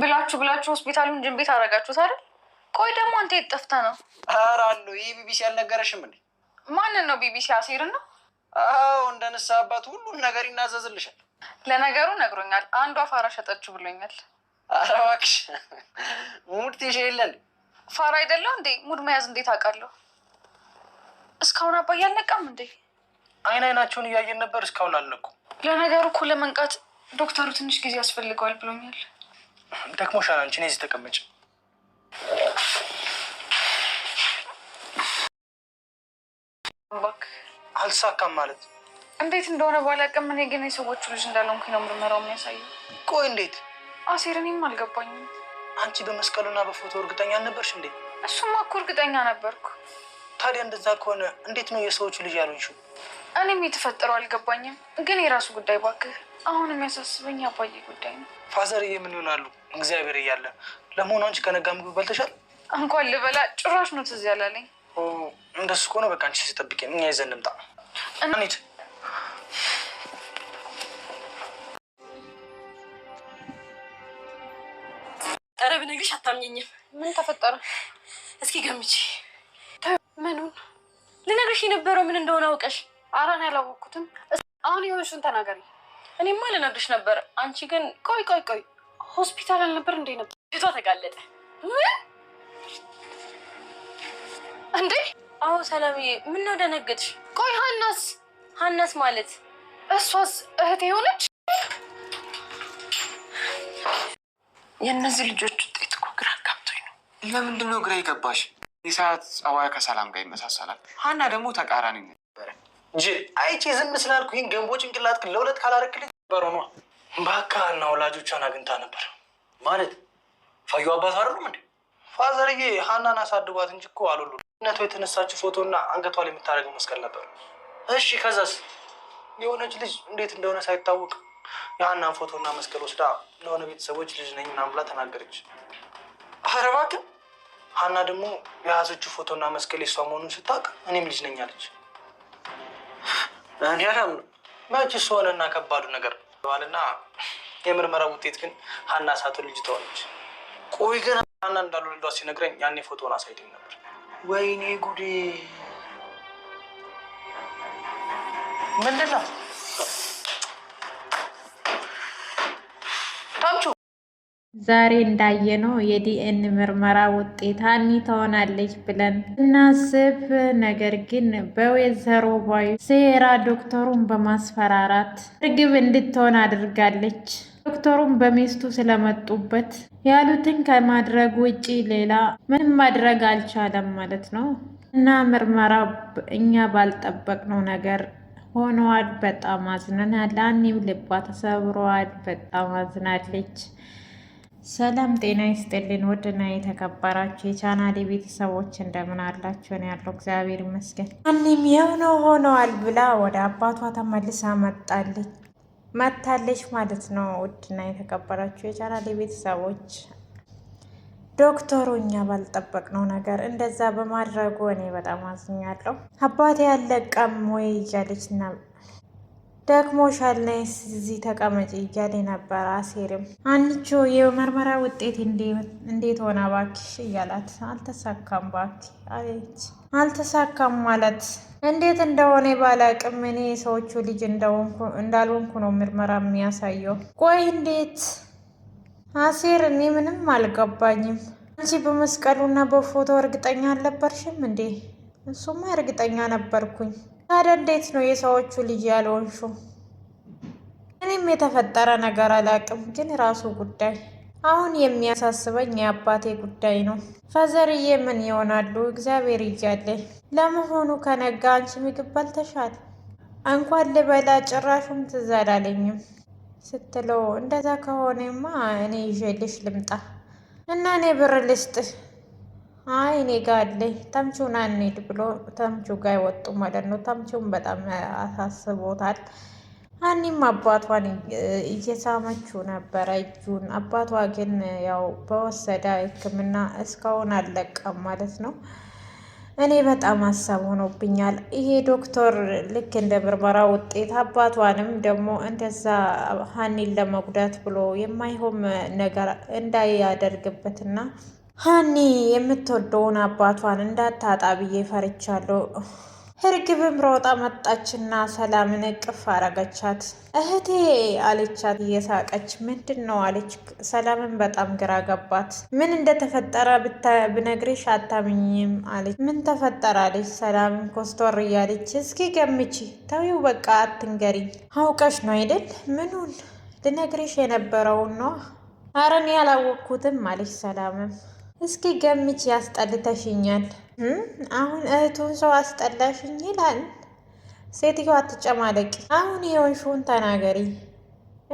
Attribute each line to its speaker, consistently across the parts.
Speaker 1: ብላችሁ ብላችሁ ሆስፒታሉን ጅንቤት አደረጋችሁት አይደል? ቆይ ደግሞ አንተ የት ጠፍተህ ነው?
Speaker 2: ኧረ አለሁ። ይህ ቢቢሲ አልነገረሽም እንዴ?
Speaker 1: ማንን ነው? ቢቢሲ አሴርን ነው?
Speaker 2: አዎ እንደ ንስሐ አባት ሁሉን ነገር ይናዘዝልሻል።
Speaker 1: ለነገሩ ነግሮኛል። አንዷ ፋራ ሸጠችሁ ብሎኛል።
Speaker 2: ኧረ እባክሽ ሙድ ትይዤ የለ
Speaker 1: ፋራ አይደለሁ እንዴ? ሙድ መያዝ እንዴት አውቃለሁ? እስካሁን አባዬ አልነቃም እንዴ?
Speaker 2: አይን አይናቸውን እያየን ነበር። እስካሁን አልነቁም።
Speaker 1: ለነገሩ እኮ ለመንቃት ዶክተሩ ትንሽ ጊዜ ያስፈልገዋል ብሎኛል።
Speaker 2: ደክሞሻል። አንቺ እዚህ ተቀመጭ። አልሳካም ማለት
Speaker 1: እንዴት እንደሆነ ባላውቅም እኔ ግን የሰዎቹ ልጅ እንዳልሆንኩኝ ነው ምርመራው የሚያሳየው። ቆይ እንዴት አሴር? እኔም አልገባኝም።
Speaker 2: አንቺ በመስቀሉና በፎቶ እርግጠኛ አልነበርሽ እንዴ?
Speaker 1: እሱማ እኮ እርግጠኛ ነበርኩ።
Speaker 2: ታዲያ እንደዛ ከሆነ እንዴት ነው የሰዎቹ ልጅ ያልሆንሽው?
Speaker 1: እኔም የተፈጠረው አልገባኝም። ግን የራሱ ጉዳይ ባክህ። አሁን የሚያሳስበኝ አባዬ ጉዳይ ነው።
Speaker 2: ፋዘርዬ ምን ይሆናሉ? እግዚአብሔር እያለ ለመሆኑ አንቺ ከነጋ ምግብ በልተሻል?
Speaker 1: እንኳን ልበላ ጭራሽ ነው ትዝ ያላለኝ።
Speaker 2: እንደሱ ከሆነ በቃ አንቺ ሲጠብቅ እኛ ይዘን ልምጣ። እኔት
Speaker 1: ኧረ ብነግርሽ አታምኘኝም። ምን ተፈጠረ? እስኪ ገምቼ ምኑን ልነግርሽ የነበረው ምን እንደሆነ አውቀሽ? ኧረ እኔ ያላወቅኩትም። አሁን የሆንሽን ተናገሪ። እኔማ ልነግርሽ ነበር፣ አንቺ ግን ቆይ ቆይ ቆይ ሆስፒታል አልነበር እንዴ? ነበር ልጇ ተጋለጠ እንዴ? አዎ ሰላምዬ፣ ነው ደነገጥሽ? ቆይ ሀናስ ሀናስ ማለት እሷስ እህት የሆነች የእነዚህ ልጆች ውጤት እኮ ግራ አጋብቶኝ ነው።
Speaker 2: ለምንድን ነው ግራ የገባሽ? የሰዓት ጸባይ ከሰላም ጋር ይመሳሰላል። ሀና ደግሞ ተቃራኒ ነበረ። ጅል አይቼ ዝም ስላልኩ ይህን ገንቦ ጭንቅላት ለሁለት ካላረክልኝ ነ በቃ እና ወላጆቿን አግኝታ ነበር ማለት ፋዩ አባት አይደሉም እንዴ? ፋዘርዬ ሀናን አሳድጓት እንጂ እኮ አሉሉ ነቱ የተነሳችው ፎቶ እና አንገቷ ላይ የምታደርገው መስቀል ነበር። እሺ ከዛስ? የሆነች ልጅ እንዴት እንደሆነ ሳይታወቅ የሀናን ፎቶና መስቀል ወስዳ ለሆነ ቤተሰቦች ልጅ ነኝ ምናምን ብላ ተናገረች። ኧረ እባክህ! ሀና ደግሞ የያዘችው ፎቶና መስቀል የሷ መሆኑን ስታውቅ እኔም ልጅ ነኝ አለች። እኔ አላምነው። መች ሆነና ከባዱ ነገር ተገኝተዋል እና የምርመራ ውጤት ግን ሀና ሳቱ ልጅ ተዋለች። ቆይ ግን ሀና እንዳሉ ልዷ ሲነግረኝ ያኔ ፎቶን አሳይድኝ ነበር። ወይኔ ጉዴ ምንድን ነው?
Speaker 1: ዛሬ እንዳየነው የዲኤን ምርመራ ውጤት ሀኒ ትሆናለች ብለን እናስብ። ነገር ግን በወይዘሮ ባዩ ሴራ ዶክተሩን በማስፈራራት እርግብ እንድትሆን አድርጋለች። ዶክተሩም በሚስቱ ስለመጡበት ያሉትን ከማድረግ ውጪ ሌላ ምንም ማድረግ አልቻለም ማለት ነው እና ምርመራ እኛ ባልጠበቅነው ነገር ሆነዋል። በጣም አዝነናል። ሀኒም ልቧ ተሰብረዋል። በጣም አዝናለች። ሰላም ጤና ይስጥልን። ውድና የተከበራችሁ የቻናሌ ቤተሰቦች እንደምን አላችሁን? ያለው እግዚአብሔር ይመስገን። አኒም የሆነው ሆነዋል ብላ ወደ አባቷ ተመልሳ መጣለች መታለች ማለት ነው። ውድና የተከበራችሁ የቻናሌ ቤተሰቦች ዶክተሩ እኛ ባልጠበቅነው ነገር እንደዛ በማድረጉ እኔ በጣም አዝኛለሁ። አባቴ ያለቀም ወይ እያለች ደክሞሻል ነይ እዚህ ተቀመጪ እያለ ነበር። አሴርም አንቺ የምርመራ ውጤት እንዴት ሆነ እባክሽ እያላት አልተሳካም እባክሽ አለች። አልተሳካም ማለት እንዴት እንደሆነ ባላቅም እኔ ሰዎቹ ልጅ እንዳልሆንኩ ነው ምርመራ የሚያሳየው። ቆይ እንዴት አሴር፣ እኔ ምንም አልገባኝም። አንቺ በመስቀሉና በፎቶ እርግጠኛ አልነበርሽም እንዴ? እሱማ እርግጠኛ ነበርኩኝ። ታዲያ እንዴት ነው የሰዎቹ ልጅ ያልሆንሹ? እኔም የተፈጠረ ነገር አላውቅም፣ ግን ራሱ ጉዳይ አሁን የሚያሳስበኝ የአባቴ ጉዳይ ነው። ፈዘርዬ ምን ይሆናሉ? እግዚአብሔር እያለ ለመሆኑ ከነጋ አንቺ ምግብ በልተሻል? እንኳን ልበላ ጭራሹም ትዝ አላለኝም ስትለው እንደዛ ከሆነማ እኔ ይዤልሽ ልምጣ እና እኔ ብር ልስጥ አይ እኔ ጋ አለኝ ተምቹን አንሂድ ብሎ ተምቹ ጋር ይወጡ ማለት ነው። ተምቹን በጣም አሳስቦታል። አኒም አባቷን እየሳመችው ነበረ እጁን። አባቷ ግን ያው በወሰደ ሕክምና እስካሁን አለቀም ማለት ነው። እኔ በጣም ሀሳብ ሆኖብኛል። ይሄ ዶክተር ልክ እንደ ምርመራ ውጤት አባቷንም ደግሞ እንደዛ ሀኒን ለመጉዳት ብሎ የማይሆን ነገር እንዳያደርግበትና ሀኒ የምትወደውን አባቷን እንዳታጣ ብዬ ፈርቻለሁ። እርግብም ሮጣ መጣችና ሰላምን እቅፍ አረገቻት። እህቴ አለቻት እየሳቀች። ምንድን ነው አለች። ሰላምን በጣም ግራ ገባት። ምን እንደተፈጠረ ብነግርሽ አታምኝም አለች። ምን ተፈጠረ አለች። ሰላምን ኮስቶር እያለች እስኪ ገምቺ። ተዊው በቃ አትንገሪኝ። አውቀሽ ነው አይደል? ምኑን ልነግርሽ የነበረውን ነው። አረን ያላወቅኩትም አለች ሰላምም እስኪ ገምች ያስጠልተሽኛል። አሁን እህቱን ሰው አስጠላሽኝ ይላል። ሴትዮ አትጨማለቂ፣ አሁን የሆንሽውን ተናገሪ።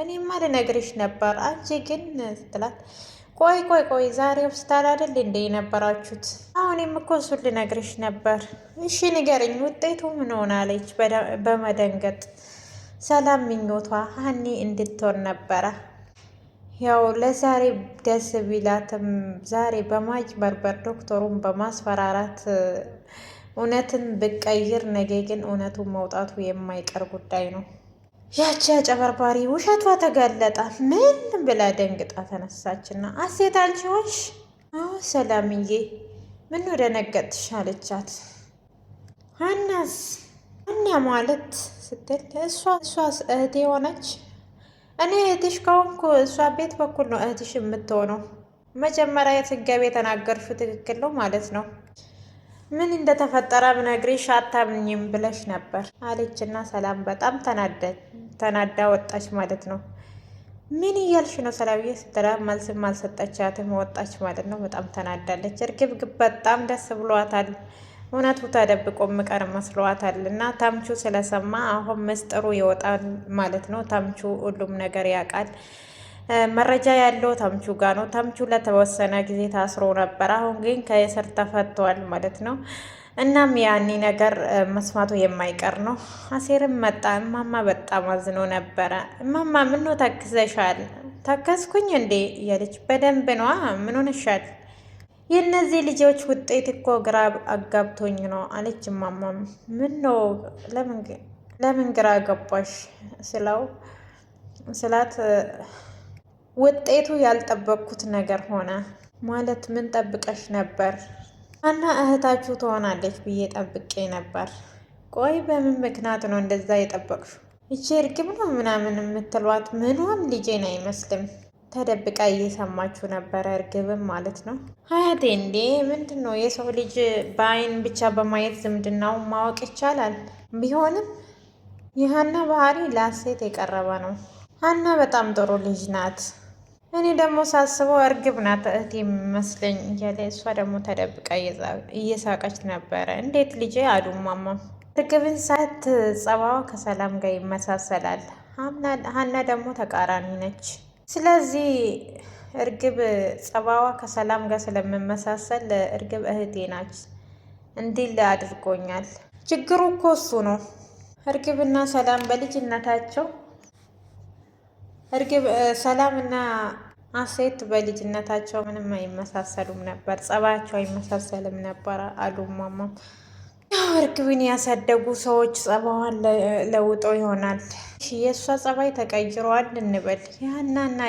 Speaker 1: እኔማ ልነግርሽ ነበር አንቺ ግን ስትላት፣ ቆይ ቆይ ቆይ ዛሬ ሆስፒታል አይደል እንደ የነበራችሁት? አሁን እኮ እሱን ልነግርሽ ነበር። እሺ ንገርኝ፣ ውጤቱ ምን አለች በመደንገጥ። ሰላም ምኞቷ ሀኒ እንድትሆን ነበረ። ያው ለዛሬ ደስ ቢላትም ዛሬ በማጭበርበር ዶክተሩን በማስፈራራት እውነትን ብቀይር ነገ ግን እውነቱን መውጣቱ የማይቀር ጉዳይ ነው። ያቺ አጨበርባሪ ውሸቷ ተገለጠ። ምን ብላ ደንግጣ ተነሳችና አሴት አንቺ ሆንሽ? አዎ ሰላምዬ፣ ምን ደነገጥሽ? አለቻት ሀናስ እና ማለት ስትል እሷ እሷ እህቴ የሆነች እኔ እህትሽ ከሆንኩ እሷ ቤት በኩል ነው እህትሽ የምትሆነው። መጀመሪያ የትገቢ የተናገርሽው ትክክል ነው ማለት ነው። ምን እንደተፈጠረ ብነግሪሽ አታምኝም ብለሽ ነበር አለችና ሰላም በጣም ተናዳ ወጣች ማለት ነው። ምን እያልሽ ነው ሰላምዬ ስትላ መልስም አልሰጠቻትም ወጣች ማለት ነው። በጣም ተናዳለች። እርግብ በጣም ደስ ብሏታል። እውነቱ ተደብቆ ምቀር መስሏታል። እና ታምቹ ስለሰማ አሁን ምስጢሩ ይወጣል ማለት ነው። ታምቹ ሁሉም ነገር ያውቃል። መረጃ ያለው ታምቹ ጋር ነው። ታምቹ ለተወሰነ ጊዜ ታስሮ ነበር። አሁን ግን ከእስር ተፈቷል ማለት ነው። እናም ያኒ ነገር መስማቱ የማይቀር ነው። አሴርም መጣ። እማማ በጣም አዝኖ ነበረ። እማማ ምኖ ታክዘሻል? ታከስኩኝ እንዴ? እያለች በደንብ ነዋ። ምን ሆነሻል? የእነዚህ ልጆች ውጤት እኮ ግራ አጋብቶኝ ነው አለች ማማም። ምን ነው ለምን ግራ ገባሽ ስለው ስላት ውጤቱ ያልጠበቅኩት ነገር ሆነ። ማለት ምን ጠብቀሽ ነበር? እና እህታችሁ ትሆናለች ብዬ ጠብቄ ነበር። ቆይ በምን ምክንያት ነው እንደዛ የጠበቅሹ? ይቺ እርግብ ነው ምናምን የምትሏት ምንም ልጄን አይመስልም። ተደብቃ እየሰማችሁ ነበረ፣ እርግብም ማለት ነው። አያቴ እንዴ ምንድን ነው የሰው ልጅ በአይን ብቻ በማየት ዝምድናው ማወቅ ይቻላል። ቢሆንም የሀና ባህሪ ለሀሴት የቀረበ ነው። ሀና በጣም ጥሩ ልጅ ናት። እኔ ደግሞ ሳስበው እርግብ ናት እህቴ የሚመስለኝ እያለ እሷ ደግሞ ተደብቃ እየሳቀች ነበረ። እንዴት ልጄ አሉ እርግብን ሳት ጸባዋ ከሰላም ጋር ይመሳሰላል። ሀና ደግሞ ተቃራኒ ነች። ስለዚህ እርግብ ጸባዋ ከሰላም ጋር ስለምመሳሰል እርግብ እህቴ ናች እንዲል አድርጎኛል። ችግሩ እኮ እሱ ነው። እርግብና ሰላም በልጅነታቸው እርግብ ሰላምና አሴት በልጅነታቸው ምንም አይመሳሰሉም ነበር፣ ጸባያቸው አይመሳሰልም ነበር አሉ እማማ እርግብን ያሳደጉ ሰዎች ጸባዋን ለውጦ ይሆናል። የእሷ ጸባይ ተቀይሯል እንበል። ያናና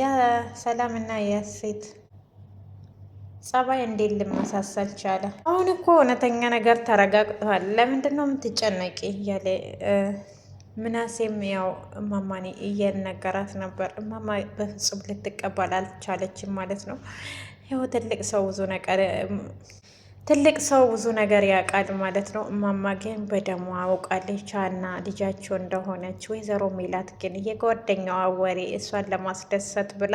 Speaker 1: የሰላምና የሴት ጸባይ እንዴት ልመሳሰል ቻለ? አሁን እኮ እውነተኛ ነገር ተረጋግጠዋል። ለምንድን ነው የምትጨነቂ? እያለ ምናሴም ያው እማማኔ እየነገራት ነበር። እማማ በፍጹም ልትቀበል አልቻለችም ማለት ነው። ያው ትልቅ ሰው ብዙ ነገር ትልቅ ሰው ብዙ ነገር ያውቃል ማለት ነው። እማማ ግን በደሞ አውቃለች ሀና ልጃቸው እንደሆነች። ወይዘሮ ሜላት ግን የጓደኛዋ ወሬ እሷን ለማስደሰት ብላ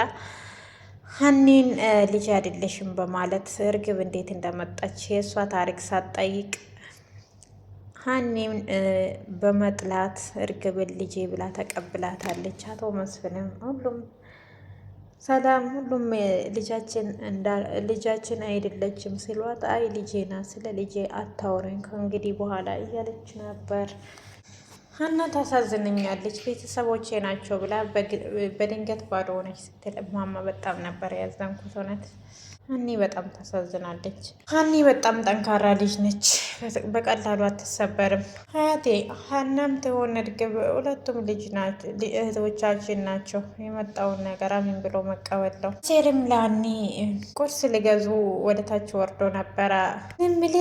Speaker 1: ሀኒን ልጅ አይደለሽም በማለት እርግብ እንዴት እንደመጣች የእሷ ታሪክ ሳትጠይቅ ሀኒን በመጥላት እርግብን ልጄ ብላ ተቀብላታለች። አቶ መስፍንም ሁሉም ሰላም ሁሉም ልጃችን ልጃችን አይደለችም ሲሏት፣ አይ ልጄ ናት፣ ስለ ልጄ አታወሪኝ ከእንግዲህ በኋላ እያለች ነበር። ሀና ታሳዝነኛለች ቤተሰቦቼ ናቸው ብላ በድንገት ባዶ ሆነች ስትል እማማ በጣም ነበር ያዘንኩት። እውነት ሀኒ በጣም ታሳዝናለች። ሀኒ በጣም ጠንካራ ልጅ ነች፣ በቀላሉ አትሰበርም። ሀያቴ ሀናም ትሆን እርግብ ሁለቱም ልጅ እህቶቻችን ናቸው። የመጣውን ነገር አሚን ብሎ መቀበል ነው። ሴልም ለሀኒ ቁርስ ሊገዙ ወደታች ወርዶ ነበረ። ብል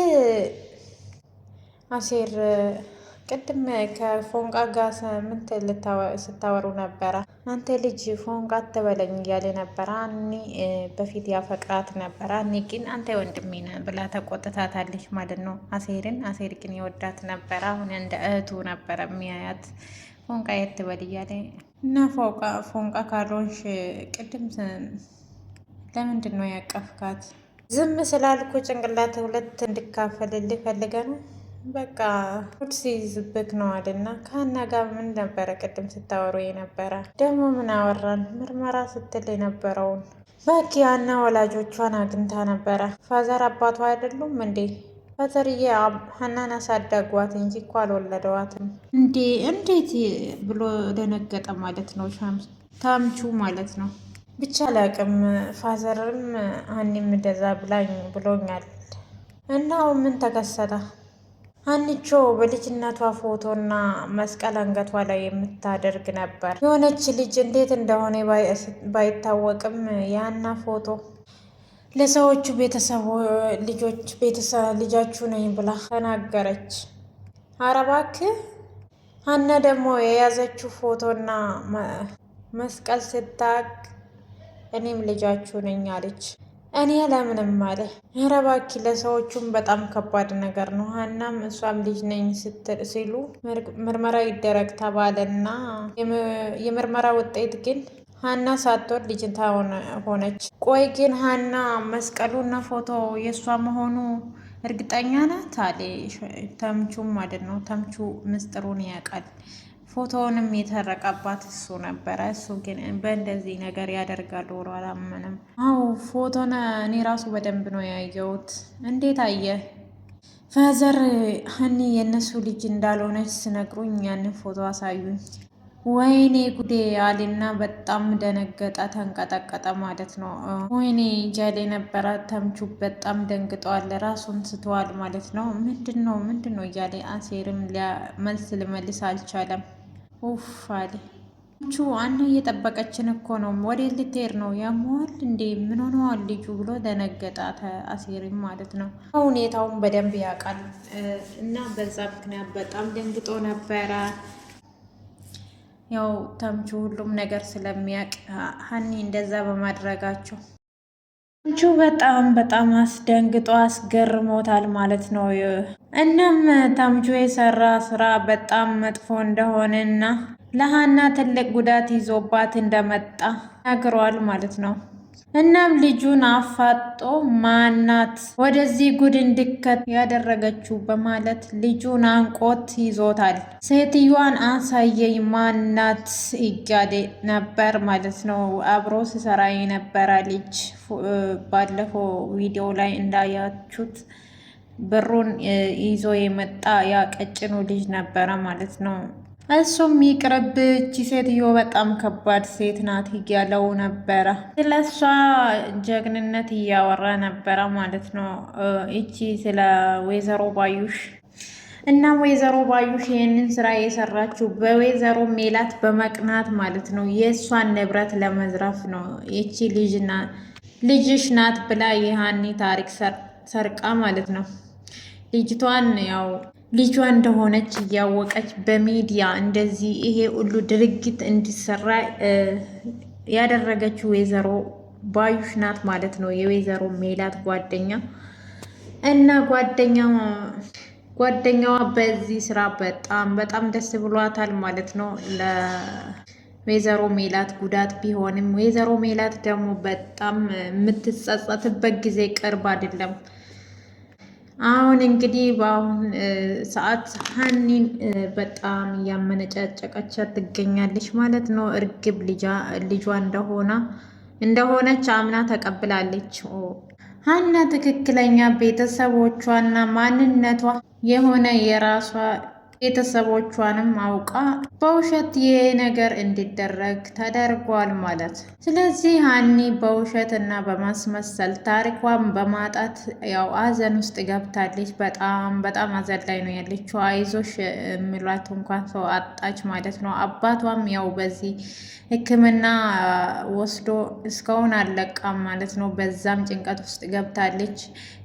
Speaker 1: አሴር ቅድም ከፎንቃ ጋር ስምንት ስታወሩ ነበረ። አንተ ልጅ ፎንቃ አትበለኝ እያለ ነበረ። እኔ በፊት ያፈቅራት ነበረ። ኒ ግን አንተ ወንድሜ ነህ ብላ ተቆጥታታለች ማለት ነው አሴርን። አሴር ግን የወዳት ነበረ። አሁን እንደ እህቱ ነበረ የሚያያት። ፎንቃ የትበል እያለ እና ፎንቃ ካልሆንሽ ቅድም ለምንድን ነው ያቀፍካት? ዝም ስላልኩ ጭንቅላት ሁለት እንድካፈልልህ ፈልገ ነው በቃ ሁድ ሲይዝብክ ነው አልና ከሀና ጋር ምን ነበረ ቅድም ስታወሩ የነበረ ደግሞ ምን አወራን? ምርመራ ስትል የነበረውን በቂ ሀና ወላጆቿን አግኝታ ነበረ። ፋዘር አባቷ አይደሉም እንዴ? ፈዘርዬ ሀናን አሳደጓት እንጂ እኮ አልወለደዋትም እንዴ? እንዴት ብሎ ደነገጠ ማለት ነው ታምቹ ማለት ነው። ብቻ ላቅም ፋዘርም ሀኒም እንደዛ ብላኝ ብሎኛል። እናው ምን ተከሰተ? አንቾ በልጅነቷ ፎቶ ፎቶና መስቀል አንገቷ ላይ የምታደርግ ነበር። የሆነች ልጅ እንዴት እንደሆነ ባይታወቅም ያና ፎቶ ለሰዎቹ ቤተሰቡ ልጆች ቤተሰብ ልጃችሁ ነኝ ብላ ተናገረች። አረባክ አነ ደግሞ የያዘችው ፎቶና መስቀል ስታቅ እኔም ልጃችሁ ነኝ አለች። እኔ ለምንም አለ ረባኪ ለሰዎቹም በጣም ከባድ ነገር ነው። ሀናም እሷም ልጅ ነኝ ሲሉ ምርመራ ይደረግ ተባለና የምርመራ ውጤት ግን ሀና ሳትወድ ልጅታ ሆነች። ቆይ ግን ሀና መስቀሉና ፎቶ የእሷ መሆኑ እርግጠኛ ናት አለ ተምቹም ማለት ነው። ተምቹ ምስጢሩን ያውቃል። ፎቶውንም የተረቀባት እሱ ነበረ። እሱ ግን በእንደዚህ ነገር ያደርጋል ብሎ አላመንም። አው ፎቶን እኔ ራሱ በደንብ ነው ያየሁት። እንዴት አየ? ፈዘር ሀኒ የእነሱ ልጅ እንዳልሆነች ስነግሩኝ ያንን ፎቶ አሳዩኝ። ወይኔ ጉዴ አሊና በጣም ደነገጠ፣ ተንቀጠቀጠ ማለት ነው። ወይኔ ጀሌ ነበረ። ተምቹ በጣም ደንግጠዋል፣ ራሱን ስተዋል ማለት ነው። ምንድን ነው ምንድን ነው እያለ አሴርም መልስ ልመልስ አልቻለም። ውፍ አለ። አና እየጠበቀችን እኮ ነው፣ ወዴት ልትሄድ ነው? ያመዋል እንዴ? ምን ሆነዋል ልጁ ብሎ ደነገጣ አሴሪም ማለት ነው ሁኔታውን በደንብ ያውቃል እና በዛ ምክንያት በጣም ደንግጦ ነበረ። ያው ተምቹ ሁሉም ነገር ስለሚያውቅ ሀኒ እንደዛ በማድረጋቸው አንቹ በጣም በጣም አስደንግጦ አስገርሞታል ማለት ነው። እናም ታምቹ የሰራ ስራ በጣም መጥፎ እንደሆነ እና ለሀና ትልቅ ጉዳት ይዞባት እንደመጣ ነግሯል ማለት ነው። እናም ልጁን አፋጦ ማናት ወደዚህ ጉድ እንድከት ያደረገችው በማለት ልጁን አንቆት ይዞታል። ሴትዮዋን አሳየኝ ማናት እያለ ነበር ማለት ነው። አብሮ ሲሰራ የነበረ ልጅ ባለፈው ቪዲዮ ላይ እንዳያችሁት ብሩን ይዞ የመጣ ያ ቀጭኑ ልጅ ነበረ ማለት ነው። እሱም ይቅርብ፣ እቺ ሴትዮ በጣም ከባድ ሴት ናት እያለው ነበረ። ስለሷ ጀግንነት እያወራ ነበረ ማለት ነው። እቺ ስለ ወይዘሮ ባዩሽ እና ወይዘሮ ባዩሽ ይህንን ስራ የሰራችው በወይዘሮ ሜላት በመቅናት ማለት ነው። የእሷን ንብረት ለመዝረፍ ነው። ይቺ ልጅሽ ናት ብላ ይህኒ ታሪክ ሰርቃ ማለት ነው ልጅቷን ያው ልጇ እንደሆነች እያወቀች በሚዲያ እንደዚህ ይሄ ሁሉ ድርጊት እንዲሰራ ያደረገችው ወይዘሮ ባዩሽ ናት ማለት ነው። የወይዘሮ ሜላት ጓደኛ እና ጓደኛ ጓደኛዋ በዚህ ስራ በጣም በጣም ደስ ብሏታል ማለት ነው። ለወይዘሮ ሜላት ጉዳት ቢሆንም ወይዘሮ ሜላት ደግሞ በጣም የምትጸጸትበት ጊዜ ቅርብ አይደለም። አሁን እንግዲህ በአሁን ሰዓት ሀኒን በጣም እያመነጫጨቀች ትገኛለች ማለት ነው። እርግብ ልጇ እንደሆነ እንደሆነች አምና ተቀብላለች። ሀና ትክክለኛ ቤተሰቦቿና ማንነቷ የሆነ የራሷ ቤተሰቦቿንም አውቃ በውሸት ይሄ ነገር እንዲደረግ ተደርጓል ማለት። ስለዚህ ሀኒ በውሸት እና በማስመሰል ታሪኳን በማጣት ያው አዘን ውስጥ ገብታለች። በጣም በጣም አዘን ላይ ነው ያለችው። አይዞሽ የሚሏት እንኳን ሰው አጣች ማለት ነው። አባቷም ያው በዚህ ሕክምና ወስዶ እስካሁን አለቃም ማለት ነው። በዛም ጭንቀት ውስጥ ገብታለች።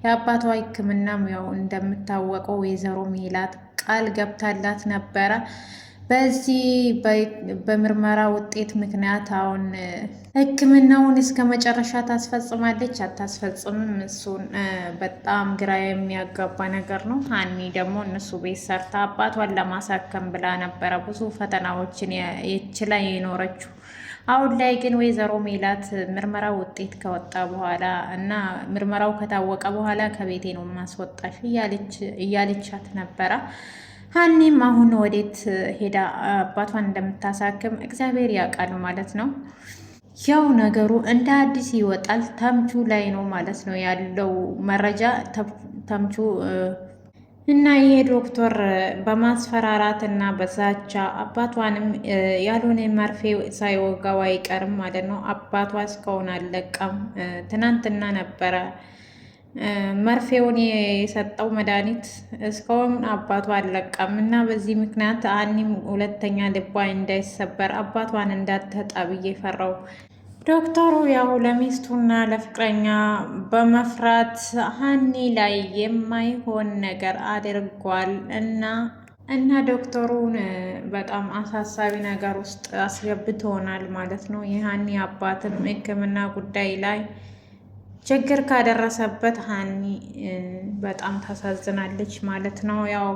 Speaker 1: የአባቷ ሕክምናም ያው እንደምታወቀው ወይዘሮ ሜላት ቃል ገብታላት ነበረ። በዚህ በምርመራ ውጤት ምክንያት አሁን ሕክምናውን እስከ መጨረሻ ታስፈጽማለች አታስፈጽምም፣ እሱን በጣም ግራ የሚያጋባ ነገር ነው። ሀኒ ደግሞ እነሱ ቤት ሰርታ አባቷን ለማሳከም ብላ ነበረ ብዙ ፈተናዎችን የችላ የኖረችው። አሁን ላይ ግን ወይዘሮ ሜላት ምርመራ ውጤት ከወጣ በኋላ እና ምርመራው ከታወቀ በኋላ ከቤቴ ነው ማስወጣሽ እያለቻት ነበረ። ሀኒም አሁን ወዴት ሄዳ አባቷን እንደምታሳክም እግዚአብሔር ያውቃል ማለት ነው። ያው ነገሩ እንደ አዲስ ይወጣል። ተምቹ ላይ ነው ማለት ነው ያለው መረጃ ተምቹ እና ይሄ ዶክተር በማስፈራራት እና በዛቻ አባቷንም ያልሆነ መርፌ ሳይወጋው አይቀርም ማለት ነው። አባቷ እስካሁን አለቀም። ትናንትና ነበረ መርፌውን የሰጠው መድኃኒት እስካሁን አባቷ አለቀም እና በዚህ ምክንያት አኒም ሁለተኛ ልቧ እንዳይሰበር አባቷን እንዳተጣብዬ ፈራው። ዶክተሩ ያው ለሚስቱና ለፍቅረኛ በመፍራት ሀኒ ላይ የማይሆን ነገር አድርጓል እና እና ዶክተሩን በጣም አሳሳቢ ነገር ውስጥ አስገብቶናል ማለት ነው። የሀኒ አባትም ሕክምና ጉዳይ ላይ ችግር ካደረሰበት ሀኒ በጣም ታሳዝናለች ማለት ነው ያው